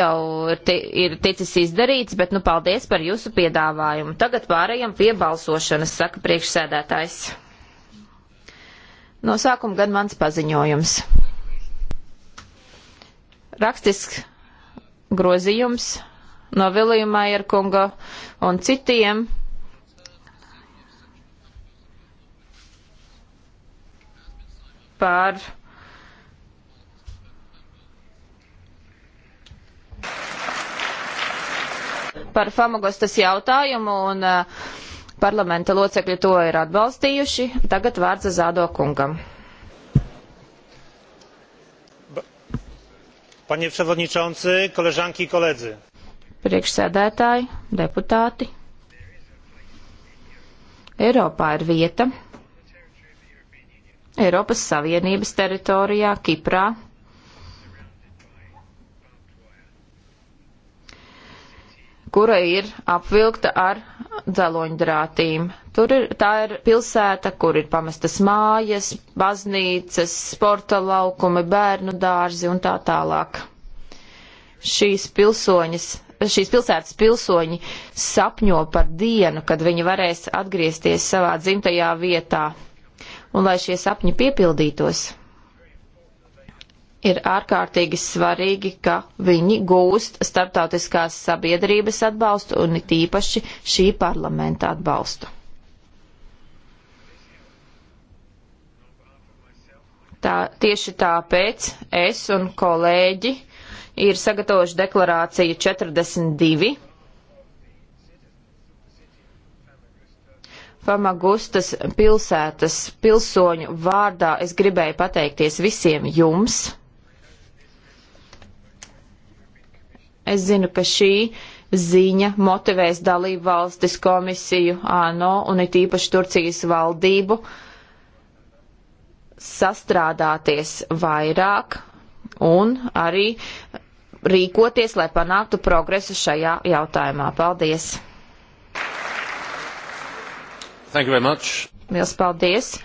jau te, ir ticis izdarīts, bet nu paldies par jūsu piedāvājumu. Tagad pārējām pie balsošanas, saka priekšsēdētājs. No sākuma gan mans paziņojums. Rakstisks grozījums no Viljuma Ierkunga un citiem. Par par famagostas jautājumu un uh, parlamenta locekļi to ir atbalstījuši. Tagad vārds Zādo kungam. Panie przewodniczący, koleżanki i koledzy. Priekšsēdētāji, deputāti. Eiropā ir vieta. Eiropas Savienības teritorijā, Kiprā, kura ir apvilkta ar dzeloņdrātīm. Tur ir, tā ir pilsēta, kur ir pamestas mājas, baznīcas, sporta laukumi, bērnu dārzi un tā tālāk. Šīs pilsoņas. Šīs pilsētas pilsoņi sapņo par dienu, kad viņi varēs atgriezties savā dzimtajā vietā, un lai šie sapņi piepildītos, ir ārkārtīgi svarīgi, ka viņi gūst starptautiskās sabiedrības atbalstu un it īpaši šī parlamenta atbalstu. Tā, tieši tāpēc es un kolēģi ir sagatavojuši deklarāciju 42. Famagustas pilsētas pilsoņu vārdā es gribēju pateikties visiem jums. Es zinu, ka šī ziņa motivēs dalību valstis komisiju, ANO un it īpaši Turcijas valdību sastrādāties vairāk un arī rīkoties, lai panāktu progresu šajā jautājumā. Paldies! Thank you very much. Liels paldies!